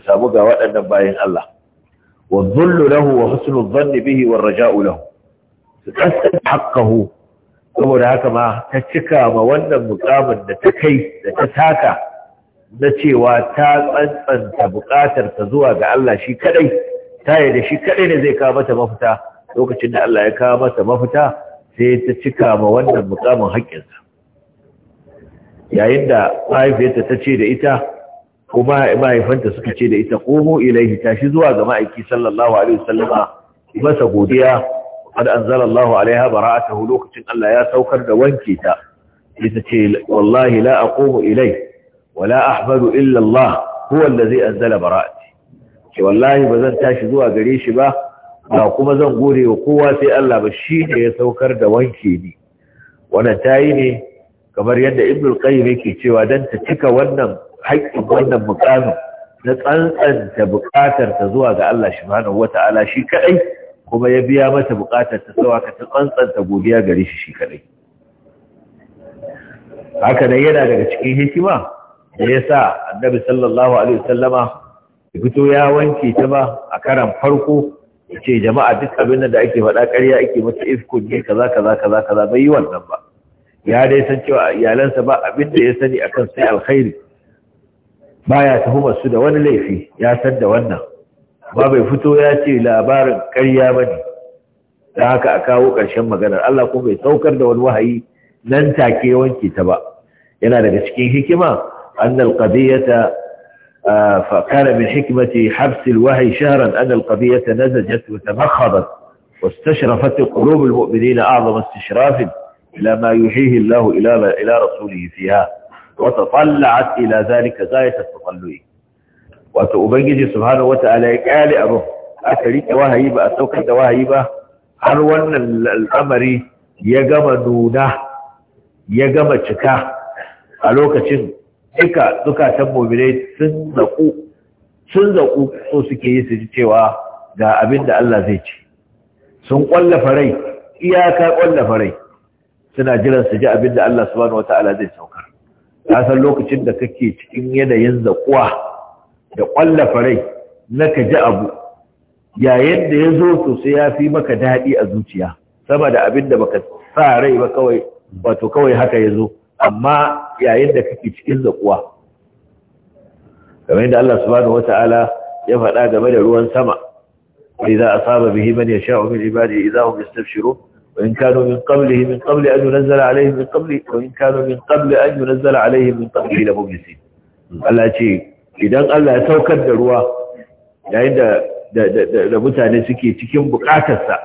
samu ga waɗannan bayan Allah wa dhullu lahu wa husnul dhanni bihi war raja'u lahu su kasance haqqahu saboda haka ma ta cika ma wannan mukamin da ta kai da ta taka na cewa ta tsantsanta buƙatar ta zuwa ga Allah shi kaɗai, ta yi da shi kaɗai ne zai kawo mata mafita lokacin da Allah ya kawo mata mafita sai ta cika ma wannan mukamin haƙƙinsa yayin da mahaifiyarta ta ce da ita kuma mahaifanta suka ce da ita komo ilaihi tashi zuwa ga ma'aiki sallallahu alaihi wasallama masa godiya qad anzalallahu alaiha bara'atahu lokacin Allah ya saukar da wanke ta ita ce wallahi la aqumu ilai wala ahmadu illa Allah huwa allazi anzala bara'ati ce wallahi ba zan tashi zuwa gare shi ba ba kuma zan gode wa kowa sai Allah ba shi ne ya saukar da wanke ni wannan tayi ne kamar yadda ibnu qayyim yake cewa dan ta cika wannan haƙƙin wannan mukamin na tsantsanta buƙatar ta zuwa ga Allah subhanahu wata'ala shi kadai kuma ya biya mata buƙatar ta zuwa ka ta tsantsanta godiya gare shi shi kadai haka nan yana daga cikin hikima da ya sa annabi sallallahu alaihi wasallama fito ya wanke ta ba a karan farko ce jama'a duk abin da ake faɗa ƙarya ake mata ifko ne kaza kaza kaza kaza bai yi wannan ba ya dai san cewa iyalansa ba abin da ya sani akan sai alkhairi baya tuhumar su da wani laifi ya san da wannan ba bai fito ya ce labarin ƙarya ba ne da haka a kawo ƙarshen maganar Allah kuma bai saukar da wani wahayi nan take wanke ta ba yana daga cikin hikima annal qadiyata آه، فكان من حكمة حبس الوهي شهرا أن القضية نزجت وتمخضت واستشرفت قلوب المؤمنين أعظم استشراف إلى ما يحيه الله إلى إلى رسوله فيها وتطلعت إلى ذلك غاية التطلع وتأبنجي سبحانه وتعالى قال أبوه أكريك وهيبة أتوكد وهيبة har الأمر al'amari ya gama nuna ألوك gama duka zukatan mu'minai sun zaku sun zaku so suke yi su ji cewa ga abin da Allah zai ce sun kwallafa rai iyaka kwallafa rai suna jiran su ji abin da Allah subhanahu wata'ala zai saukar ka san lokacin da kake cikin yanayin zakuwa da kwallafa rai na ka ji abu yayin da ya zo to sai ya fi maka daɗi a zuciya sama da abin da baka sa rai ba kawai wato kawai haka ya zo amma yayin da kake cikin zakuwa kamar yadda Allah subhanahu wata'ala ya faɗa game da ruwan sama idza asaba bihi man yasha'u min ibadihi idza hum yastabshirun wa in kanu min qablihi min qabli an yunzala alaihim min qabli wa in kanu min qabli an yunzala alaihim min qabli la mublis Allah ce idan Allah ya saukar da ruwa yayin da da mutane suke cikin bukatarsa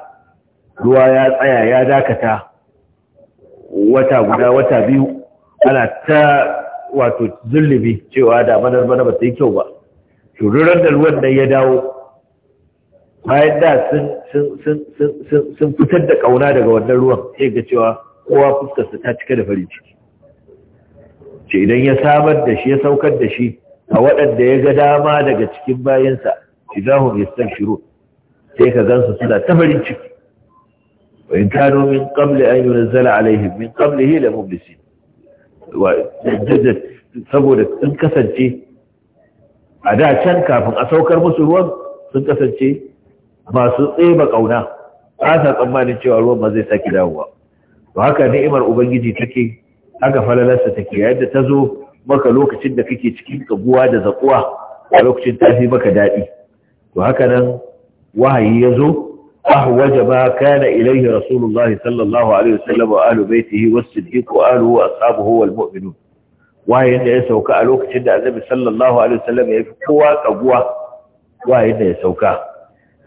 ruwa ya tsaya ya dakata wata guda wata biyu ana ta wato zullubi cewa da manar bana ba sai kyau ba tururar da ruwan da ya dawo bayan da sun fitar da kauna daga wannan ruwan sai ga cewa kowa fuskarsa ta cika da farin ciki ce idan ya samar da shi ya saukar da shi a waɗanda ya ga dama daga cikin bayansa idahum yastaghfirun sai ka gansu suna ta farin ciki wa in kanu min qabli an yunzala alaihim min qablihi la mublisin saboda sun kasance a da can kafin a saukar musu ruwan sun kasance masu tseba ƙauna ba sa tsammanin cewa ruwan ba zai sake dawowa to haka ni'imar ubangiji take haka falalarsa take yadda ta zo maka lokacin da kake cikin kaguwa da zakuwa a lokacin ta fi maka daɗi to haka nan wahayi ya zo أهوج ما كان إليه رسول الله صلى الله عليه وسلم وآل بيته والصديق وآله وأصحابه والمؤمنون wahayin da ya sauka a lokacin da annabi sallallahu alaihi wasallam ya fi kowa kaguwa wahayin da ya sauka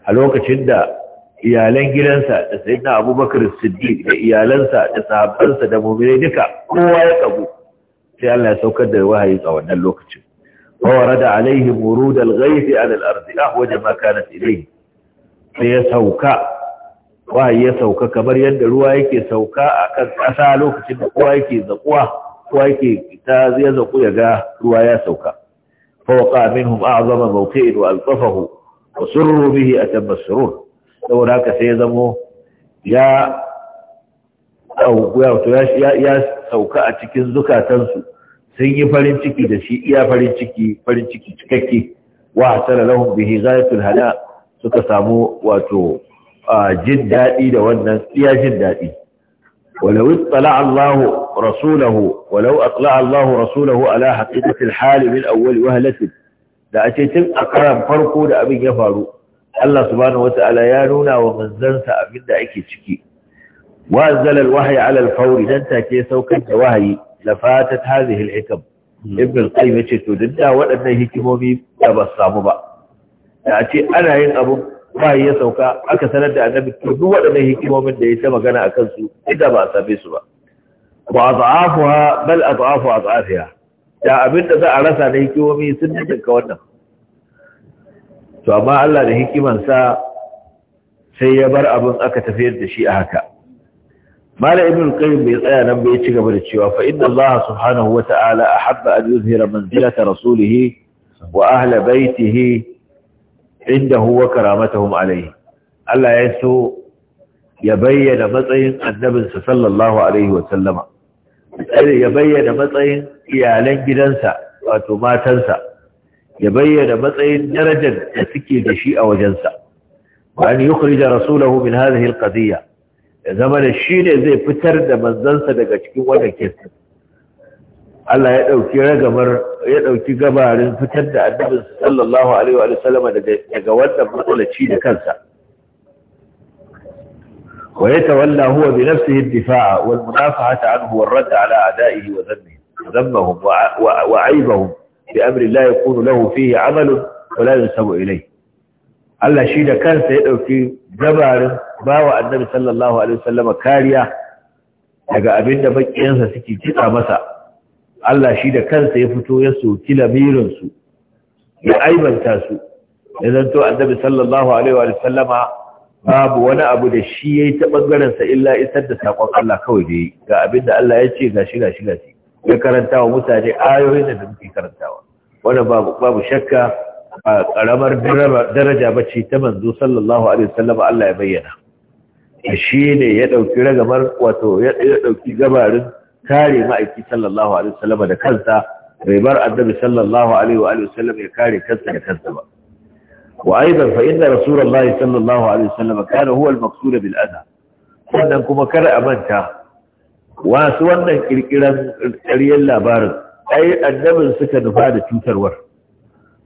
a lokacin da iyalan gidansa da sayyidina abubakar siddiq da iyalansa da sahabbansa da mu'minai duka kowa ya kagu sai Allah ya saukar da wahayi a lokacin wa alaihi alaihim wurud al-ghayth ala al sai ya sauka kwaye ya sauka kamar yadda ruwa yake sauka a kan ƙasa lokacin da kowa yake zakuwa kowa yake ta zai zaku ya ga ruwa ya sauka fawqa minhum a'zama mawqi'in wa alqafahu wa surru bihi atamma saboda haka sai ya zamo ya ya sauka a cikin zukatansu sun yi farin ciki da shi iya farin ciki farin ciki cikakke wa sallallahu bihi ghayatul hala suka samu wato jin daɗi da wannan iya jin daɗi ولو اطلع الله رسوله ولو اطلع الله رسوله على حقيقة da a ce tun a karan farko da abin ya faru Allah subhanahu wata'ala ya nuna wa manzansa abin da ake ciki wa zalal wahya ala al don dan take saukar da wahayi la fatat hadhihi al-hikam hmm. ibn al-qayyim to duk da waɗannan hikimomi da ba samu ba da a ce ana yin abun ba ya sauka aka sanar da annabi to duk waɗannan hikimomin da ya ta magana a kansu ita ba a same su ba wa adhafuha bal adhafu adhafiha da abin da za a rasa na hikimomi sun dinka wannan to amma Allah da hikimansa sai ya bar abin aka tafiyar da shi a haka mala ibn qayyim bai tsaya nan bai ci gaba da cewa fa inna Allah subhanahu wa ta'ala ahabba an yuzhira manzilata rasulihi wa ahla baitihi indahu huwa karamatuhum alayhi Allah ya so ya bayyana matsayin annabinsa sallallahu alaihi wa sallama ya bayyana matsayin iyalan gidansa wato matansa ya bayyana matsayin darajar da suke da shi a wajensa wa an yukhrija rasulahu min hadhihi alqadiyya ya zama da shi ne zai fitar da manzansa daga cikin wannan kesa Allah ya ɗauki ragamar ya ɗauki gabarin fitar da annabin sallallahu alaihi wa sallama daga wannan matsalaci da kansa wa ya tawalla huwa bi nafsihi ad-difa'a wal munafahata anhu war radd ala a'da'ihi wa dhannihi dhammahum wa 'aybahum bi amri la yakunu lahu fihi 'amalun wa la yunsabu ilayhi Allah shi da kansa ya ɗauki gabarin bawa annabi sallallahu alaihi wa sallama kariya daga abinda bakiyansa suke kitsa masa Allah shi da kansa ya fito ya soki lamirinsu ya aibanta su ya zanto annabi sallallahu alaihi wa sallama babu wani abu da shi yayi ta bangarensa illa isar da sakon Allah kawai dai ga abin da Allah ya ce shi, ga shi. ya karantawa mutane ayoyin da muke karantawa wannan babu babu shakka a karamar daraja bace ta manzo sallallahu alaihi wa sallama Allah ya bayyana shi ne ya dauki ragamar wato ya dauki gabarin kare ma'aiki sallallahu alaihi wasallam da kansa bai bar annabi sallallahu alaihi wa alihi wasallam ya kare kansa da kansa ba wa aidan fa inna rasulullahi sallallahu alaihi wasallam kana huwa al-maqsud bil adha wannan kuma kada a manta wasu wannan kirkiran ƙaryar labarin ai annabin suka nufa da cutarwar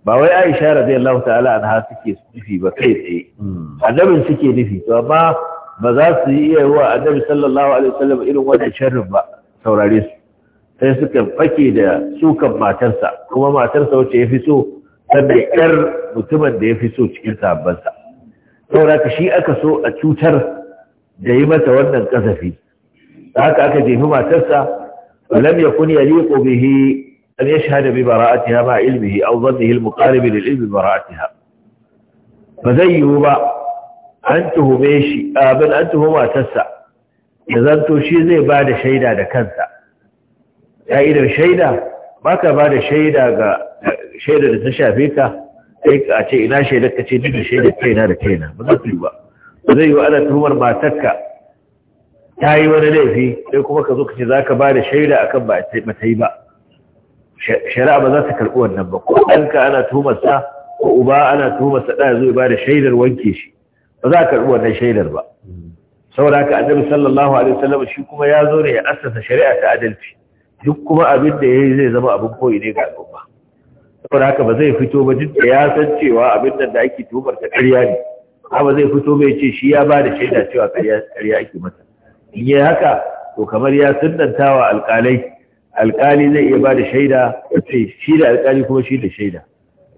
ba wai Aisha radiyallahu ta'ala anha suke nufi ba kai tsaye annabin suke nufi to amma ba za su yi iya wa annabi sallallahu alaihi wasallam irin wannan sharrin ba saurare su sai suka fake da sukan matarsa kuma matarsa wacce ya fi so sannan yar mutumin da ya fi so cikin sahabbansa sauraka shi aka so a cutar da yi mata wannan kasafi da haka aka jefi matarsa kun yakun yaliqu bihi an yashhada bi bara'atiha ma ilmihi aw dhannihi al-muqarib lil ilmi bara'atiha fa zai yi ba an tuhume shi abin an tuhuma matarsa ya zanto shi zai ba da shaida da kansa ya da shaida ba ka ba da shaida ga shaida da ta shafe ka sai a ce ina shaida ka ce shaida shaidar kaina da kaina ba za su yi ba ba zai yi wa ana tuhumar matarka ta yi wani laifi sai kuma ka zo ka ce za ka ba da shaida akan ba ta yi ba shari'a ba za ta karɓi wannan ba ko ɗanka ana tuhumar sa ko uba ana tuhumar sa ɗaya zai ba da shaidar wanke shi ba za ka karɓi wannan shaidar ba saboda haka annabi sallallahu alaihi wasallam shi kuma ya zo ne ya assasa shari'a ta adalci duk kuma abin da yayi zai zama abin koyi ne ga al'umma saboda haka ba zai fito ba duk da ya san cewa abin da ake tubar ta ƙarya ne ba ba zai fito ya ce shi ya ba da shaida cewa ƙarya ƙarya ake masa in yi haka to kamar ya sundantawa alƙalai alƙali zai iya ba da shaida sai shi da alƙali kuma shi da shaida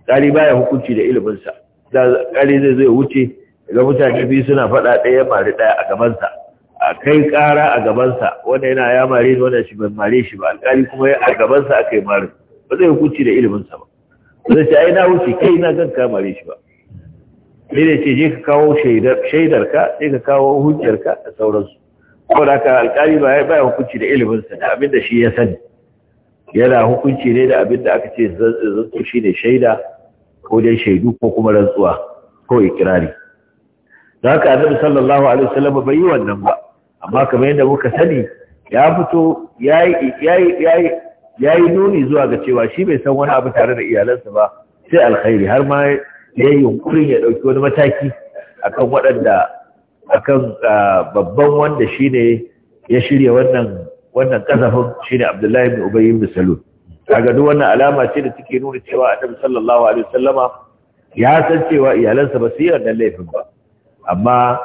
alƙali baya hukunci da ilminsa da alƙali zai zo ya wuce idan mutane biyu suna faɗa ɗaya mari ɗaya a gabansa a kai ƙara a gabansa wanda yana ya mare ni wanda shi ban mare shi ba alƙali kuma a gabansa aka yi mare ba zai hukunci da ilimin ba ba zai ce ai na wuce kai na gan ka mare shi ba sai ne ce je ka kawo shaidarka je ka kawo hujjarka da sauransu saboda ka alƙali ba ya baya hukunci da sa da abin da shi ya sani yana hukunci ne da abin da aka ce zan shi ne shaida ko dai shaidu ko kuma rantsuwa ko ikirari da haka annabi sallallahu alaihi wasallam bai yi wannan ba amma kamar yadda muka sani ya fito yayi yayi yayi nuni zuwa ga cewa shi bai san wani abu tare da iyalansa ba sai alkhairi har ma yayi yunkurin ya dauki wani mataki akan waɗanda akan babban wanda shine ya shirya wannan wannan kasafin shine Abdullahi ibn Ubay ibn Salul kaga duk wannan alama ce da take nuna cewa Annabi sallallahu alaihi wasallama ya san cewa iyalansa ba su yi wannan laifin ba amma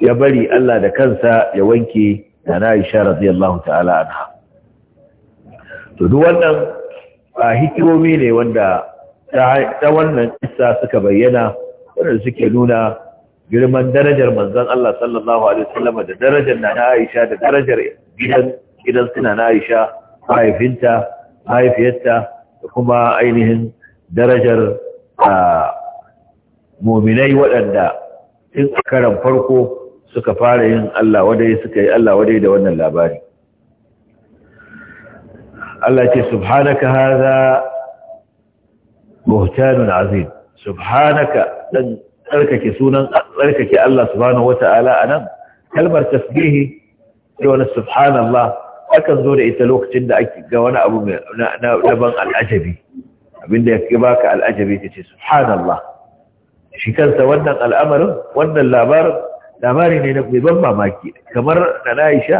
ya bari Allah da kansa ya wanke da na isha radiyallahu ta'ala anha to wannan a hikimomi ne wanda ta wannan isa suka bayyana wanda suke nuna girman darajar manzon Allah sallallahu alaihi wasallam da darajar na Aisha da darajar gidan gidan suna na Aisha mahaifinta mahaifiyarta da kuma ainihin darajar mu'minai waɗanda tun karan farko suka fara yin Allah wadai suka yi Allah wadai da wannan labari Allah ce subhanaka hadha buhtanun azim subhanaka dan tsarkake sunan tsarkake Allah subhanahu wata'ala anan kalmar tasbihi da wani subhanallah akan zo da ita lokacin da ake ga wani abu na daban al'ajabi abinda ya ke baka al'ajabi ce subhanallah shi kansa wannan al'amarin wannan labarin labari ne na mai mamaki kamar da na Aisha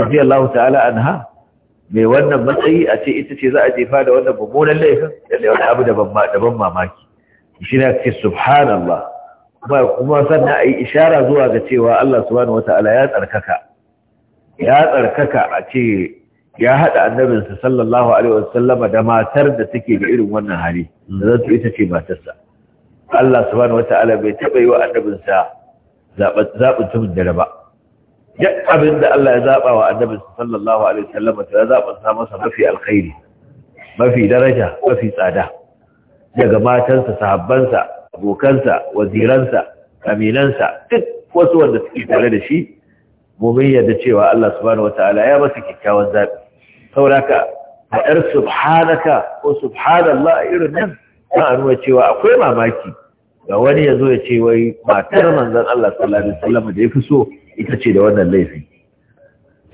radiyallahu ta'ala anha mai wannan matsayi a ce ita ce za a jefa da wannan mummunan laifin da wani abu da ban mamaki shi ne ce subhanallah kuma sannan a yi ishara zuwa ga cewa Allah subhanahu ta'ala ya tsarkaka ya tsarkaka a ce ya haɗa annabinsa sallallahu alaihi wasallama da matar da take da irin wannan hali da zan ita ce matarsa Allah subhanahu wata'ala bai taɓa yi wa annabinsa zaɓin tun dare ba duk abin da Allah ya zaɓa wa annabinsa sallallahu alaihi wasallam ta zaɓin sa masa mafi alkhairi mafi daraja mafi tsada daga matansa sahabbansa abokansa waziransa aminansa duk wasu wanda suke tare da shi mumin yadda cewa Allah subhanahu wata'ala ya masa kyakkyawan zaɓi sauraka a ƴar subhanaka ko subhanallah irin nan a nuna cewa akwai mamaki ga wani ya zo ya ce wai matar manzan Allah sallallahu alaihi wasallam da ya fi so ita ce da wannan laifi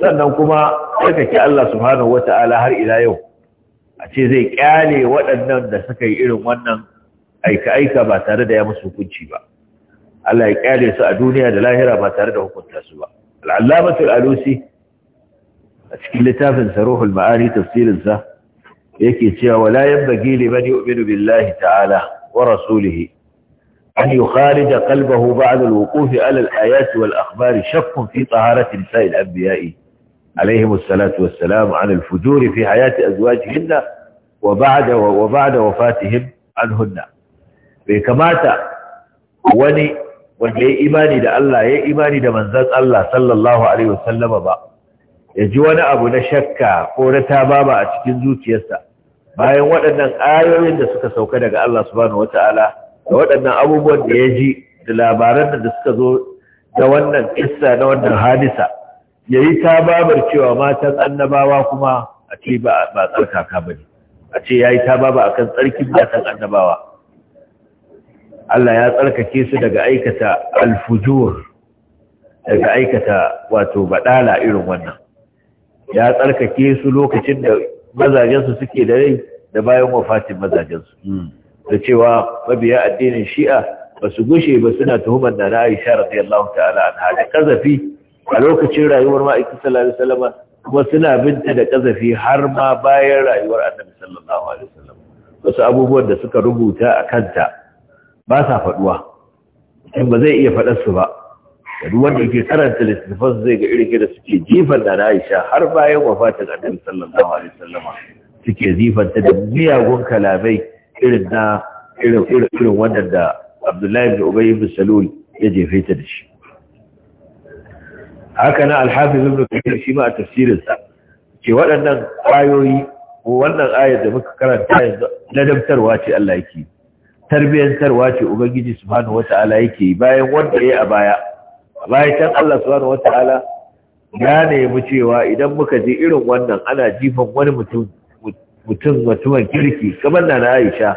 sannan kuma tsarkake Allah subhanahu wata'ala har ila yau a ce zai kyale waɗannan da suka yi irin wannan aika-aika ba tare da ya musu hukunci ba Allah ya kyale su a duniya da lahira ba tare da hukunta su ba al'allamatul alusi a cikin littafin saruhul ma'ani tafsirin sa yake cewa wala yanbaghi liman yu'minu billahi ta'ala wa rasulihi an yukharija qalbahu ba'da al-wuquf 'ala al wal akhbar shakkun fi taharati sa'il anbiya'i عليهم الصلاة والسلام عن الفجور في حياة أزواجهن وبعد وبعد وفاتهم عنهن kamata wani wanda ya imani da Allah ya imani da manzon Allah sallallahu Alaihi wasallama ba ya ji wani abu na shakka ko na tababa a cikin zuciyarsa bayan waɗannan ayoyin da suka sauka daga Allah subhanahu wata'ala da waɗannan abubuwan da ya ji da labaran da suka zo da wannan kissa na wannan hadisa ya yi ta babar cewa matan annabawa kuma a ce ba tsarkaka ba ne a ce ya yi ta baba a kan tsarkin matan annabawa Allah ya tsarkake su daga aikata alfujur daga aikata wato baɗala irin wannan ya tsarkake su lokacin da mazajensu suke da rai da bayan wafatin mazajensu hmm. da cewa mabiya addinin shi'a ba su gushe ba suna tuhumar da Aisha radiyallahu ta'ala da kazafi a lokacin rayuwar ma'aikin sallallahu alaihi kuma suna binta da kazafi har ma bayan rayuwar annabi sallallahu alaihi wasallam wasu abubuwan da suka rubuta a kanta ba sa faduwa in ba zai iya faɗar su ba da duk wanda yake karanta littattafan zai ga irin da suke jifan da Aisha har bayan wafatin Annabi sallallahu alaihi wasallama suke ta da miyagun kalamai irin na irin irin irin wannan da Abdullahi bin Ubay bin Salul ya jefe ta da shi haka na Al-Hafiz ibn Kathir shi ma a tafsirin sa ce waɗannan kwayoyi ko wannan ayar da muka karanta yanzu ladabtarwa ce Allah yake tarbiyyantarwa ce Ubangiji subhanahu wata'ala yake bayan wanda ya a baya bayan can Allah subhanahu Ta'ala ya nemi cewa idan muka ji irin wannan ana jifan wani mutum mutum mutumin kirki kamar na Aisha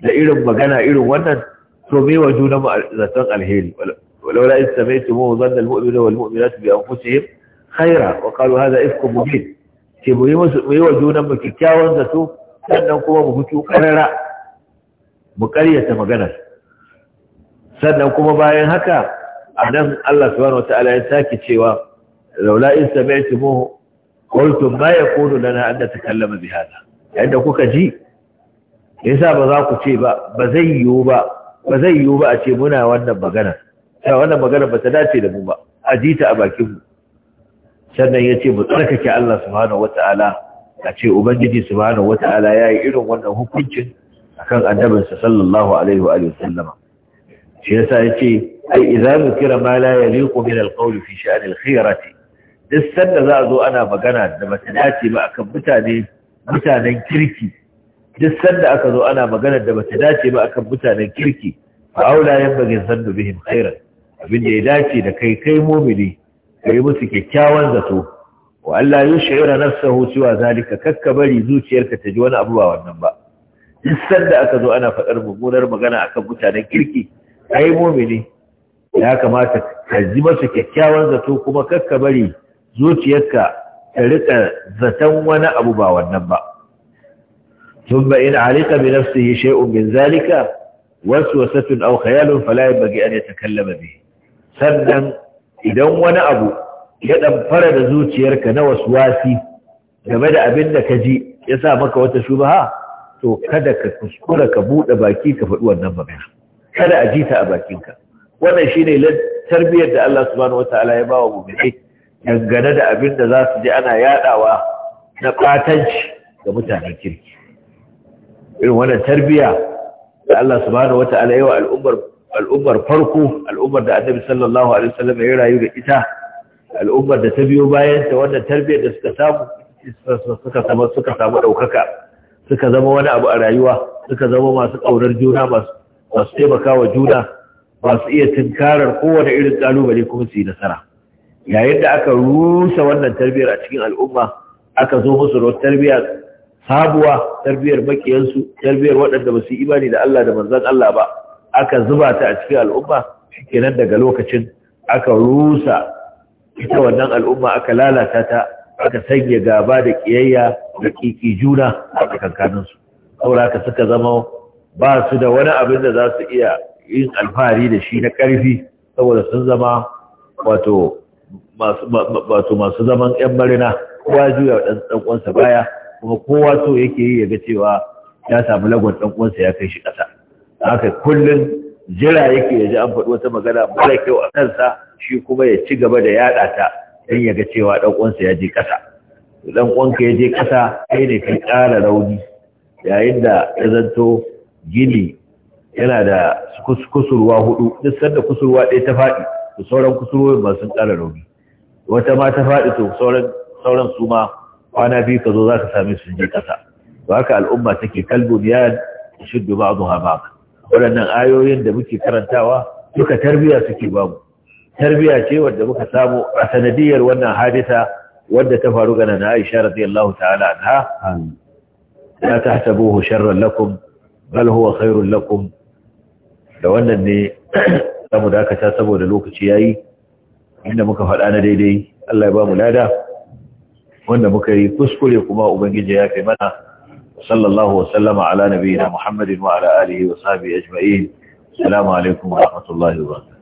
da irin magana irin wannan to me wa juna mu zaton alheri walaula mu sami'tumu dhanna almu'minuna walmu'minatu bi anfusihim khaira wa qalu hadha ifkum mubin ke mu yi musu mu yi wa juna mu kikkiawan zato sannan kuma mu fito karara mu ƙaryata magana sannan kuma bayan haka anan Allah subhanahu wataala ya sake cewa laula in sami'tumuhu qultum ma yakunu lana an natakallama bi hada yadda kuka ji yasa ba za ku ce ba ba zai yiwu ba ba zai yiwu ba a ce muna wannan magana ta wannan magana ba ta dace da mu ba a ji ta a bakin mu sannan ya ce mu tsarkake Allah subhanahu wataala a ce ubangiji subhanahu wataala ya yi irin wannan hukuncin akan annabinsa sallallahu alaihi wa sallama. shi yasa ce ai idza zikira ma la yaliqu min alqawl fi sha'n alkhirati duk sanda za a zo ana magana da bata dace ba akan mutane mutanen kirki duk sanda aka zo ana magana da bata dace ba akan mutanen kirki fa aula yanbaghi zannu bihim khairan abin da ya dace da kai kai mumini kai musu kyakkyawan zato wa Allah ya shi'ira nafsahu cewa zalika kakka bari zuciyarka ta ji wani abu ba wannan ba duk sanda aka zo ana faɗar mummunar magana akan mutanen kirki ai mumini ya kamata ka ji masa kyakkyawan zato kuma kakka bari zuciyarka ta rika zaton wani abu ba wannan ba ثم إن علق بنفسه شيء zalika? Wasu وسوسة aw khayalun fala yabghi an yatakallama bi sannan idan wani abu ya ɗamfara da zuciyarka na waswasi game da abin da ka ji ya sa maka wata shubaha to kada ka kuskura ka buɗe baki ka faɗi wannan magana kada a ji ta a bakinka wannan shine tarbiyyar da Allah subhanahu wataala ya bawa wa mu'minai dangane da abin da za su ji ana yadawa na kwatanci ga mutanen kirki irin wannan tarbiyya da Allah subhanahu wataala ya wa al'ummar al'ummar farko al'ummar da Annabi sallallahu alaihi wasallam ya rayu da ita al'ummar da ta biyo bayan ta wannan tarbiyyar da suka samu suka samu suka samu daukaka suka zama wani abu a rayuwa suka zama masu kaunar juna masu ba su taimaka wa juna ba su iya tunkarar kowane irin kalubale kuma su yi nasara yayin da aka rusa wannan tarbiyyar a cikin al'umma aka zo musu da tarbiyyar sabuwa tarbiyyar makiyansu tarbiyyar waɗanda ba su yi imani da Allah da manzon Allah ba aka zuba ta a cikin al'umma shikenan daga lokacin aka rusa ita wannan al'umma aka lalata ta aka sanya gaba da kiyayya da kiki juna a tsakankaninsu saboda haka suka zama ba su da wani abin da za su iya yin alfahari da shi na ƙarfi saboda sun zama wato masu zaman 'yan marina kowa juya wa ɗan'uwansa baya kuma kowa so yake yi yaga cewa ya samu lagon ɗan'uwansa ya kai shi ƙasa haka kullum jira yake ya ji an faɗi wata magana mara kyau a kansa shi kuma ya ci gaba da yaɗa ta don ya ga cewa ɗan'uwansa ya je ƙasa ɗanƙonka ya je ƙasa kai ne kai ƙara rauni yayin da ya zanto gini yana da kusurwa hudu duk sanda kusurwa ɗaya ta faɗi to sauran kusurwoyin ba sun ƙara rauni wata ma ta faɗi to sauran su ma kwana biyu ka zo za ka sami su je ƙasa to haka al'umma take kalbun ya shuddu ba zuwa ba waɗannan ayoyin da muke karantawa duka tarbiyya suke bamu tarbiyya ce wadda muka samu a sanadiyar wannan hadisa wadda ta faru ga na Aisha radiyallahu ta'ala anha la tahsabuhu sharran lakum bal huwa khairul lakum da wannan ne zamu dakata saboda lokaci yayi inda muka faɗa na daidai Allah ya ba mu lada wanda muka yi kuskure kuma ubangiji ya kai mana sallallahu wasallama ala nabiyina muhammadin wa ala alihi wa sahbihi ajma'in assalamu alaikum wa rahmatullahi wa barakatuh